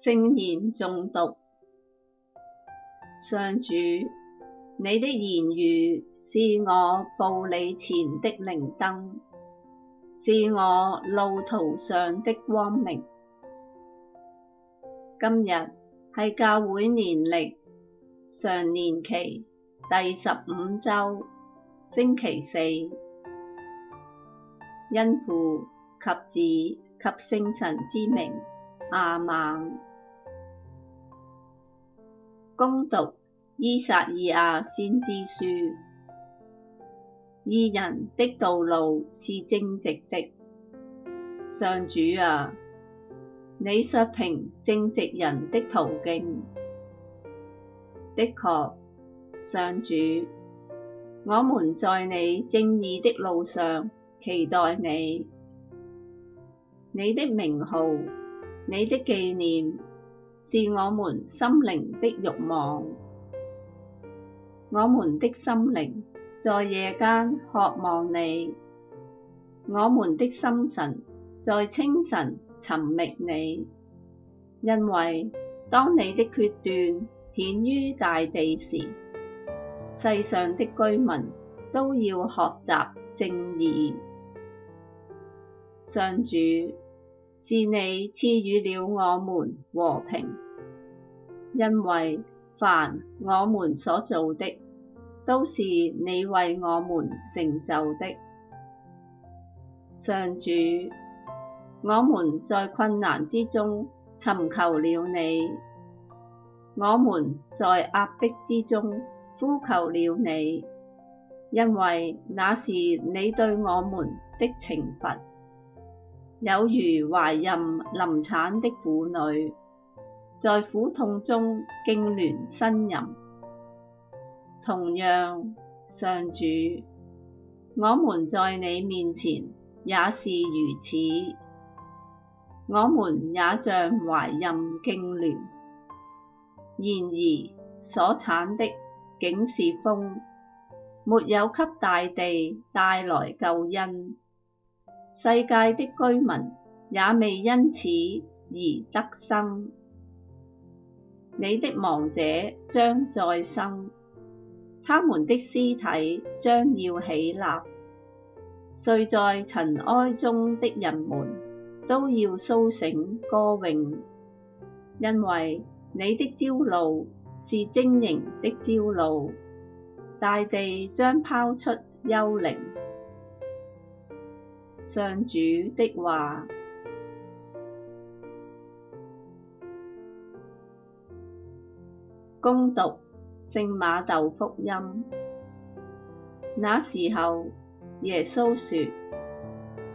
聖言誦讀。上主，你的言語是我步履前的靈燈，是我路途上的光明。今日係教會年曆常年期第十五周星期四，因父及子及聖神之名，阿們。恭讀《依撒意亞先知書》，義人的道路是正直的，上主啊，你削平正直人的途徑。的確，上主，我們在你正義的路上期待你，你的名號，你的記念。是我們心靈的慾望，我們的心靈在夜間渴望你，我們的心神在清晨尋覓你，因為當你的決斷顯於大地時，世上的居民都要學習正義，上主。是你賜予了我們和平，因為凡我們所做的，都是你為我們成就的。上主，我們在困難之中尋求了你，我們在壓迫之中呼求了你，因為那是你對我們的懲罰。有如懷妊臨產的婦女，在苦痛中痙攣呻吟。同樣，上主，我們在你面前也是如此，我們也像懷妊痙攣。然而，所產的竟是風，沒有給大地帶來救恩。世界的居民，也未因此而得生。你的亡者將再生，他們的屍體將要起立，睡在塵埃中的人們，都要蘇醒歌詠。因為，你的朝露，是晶瑩的朝露，大地將拋出幽靈。上主的話，恭讀聖馬竇福音。那時候，耶穌說，耶穌説：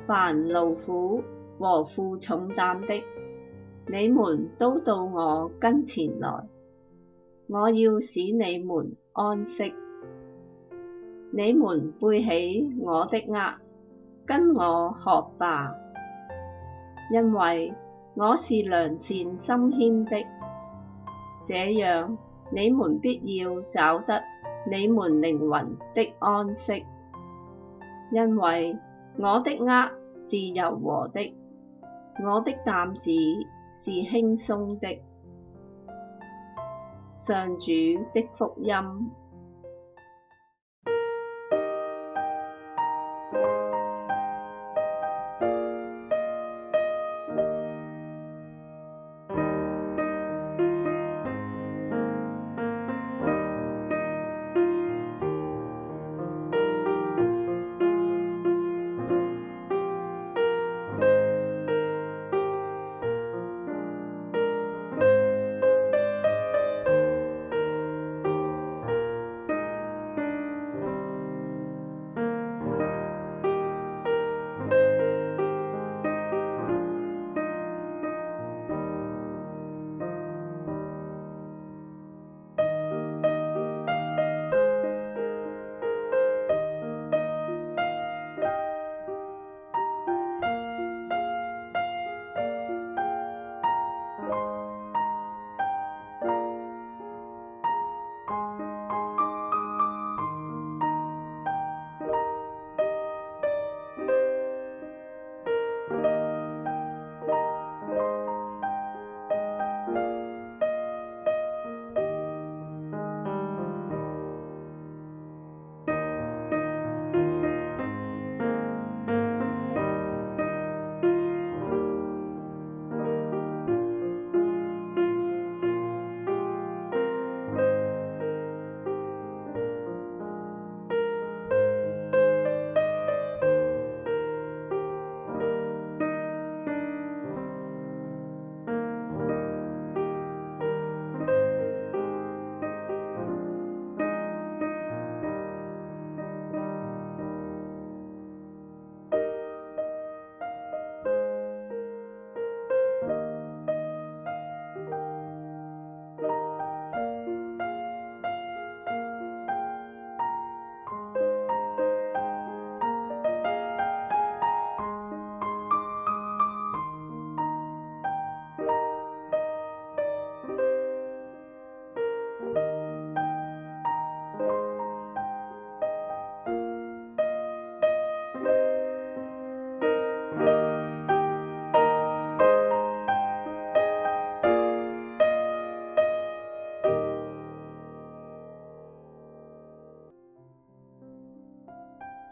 凡勞苦和負重擔的，你們都到我跟前來，我要使你們安息。你們背起我的軛。跟我學吧，因為我是良善心謙的，這樣你們必要找得你們靈魂的安息。因為我的軛是柔和的，我的擔子是輕鬆的。上主的福音。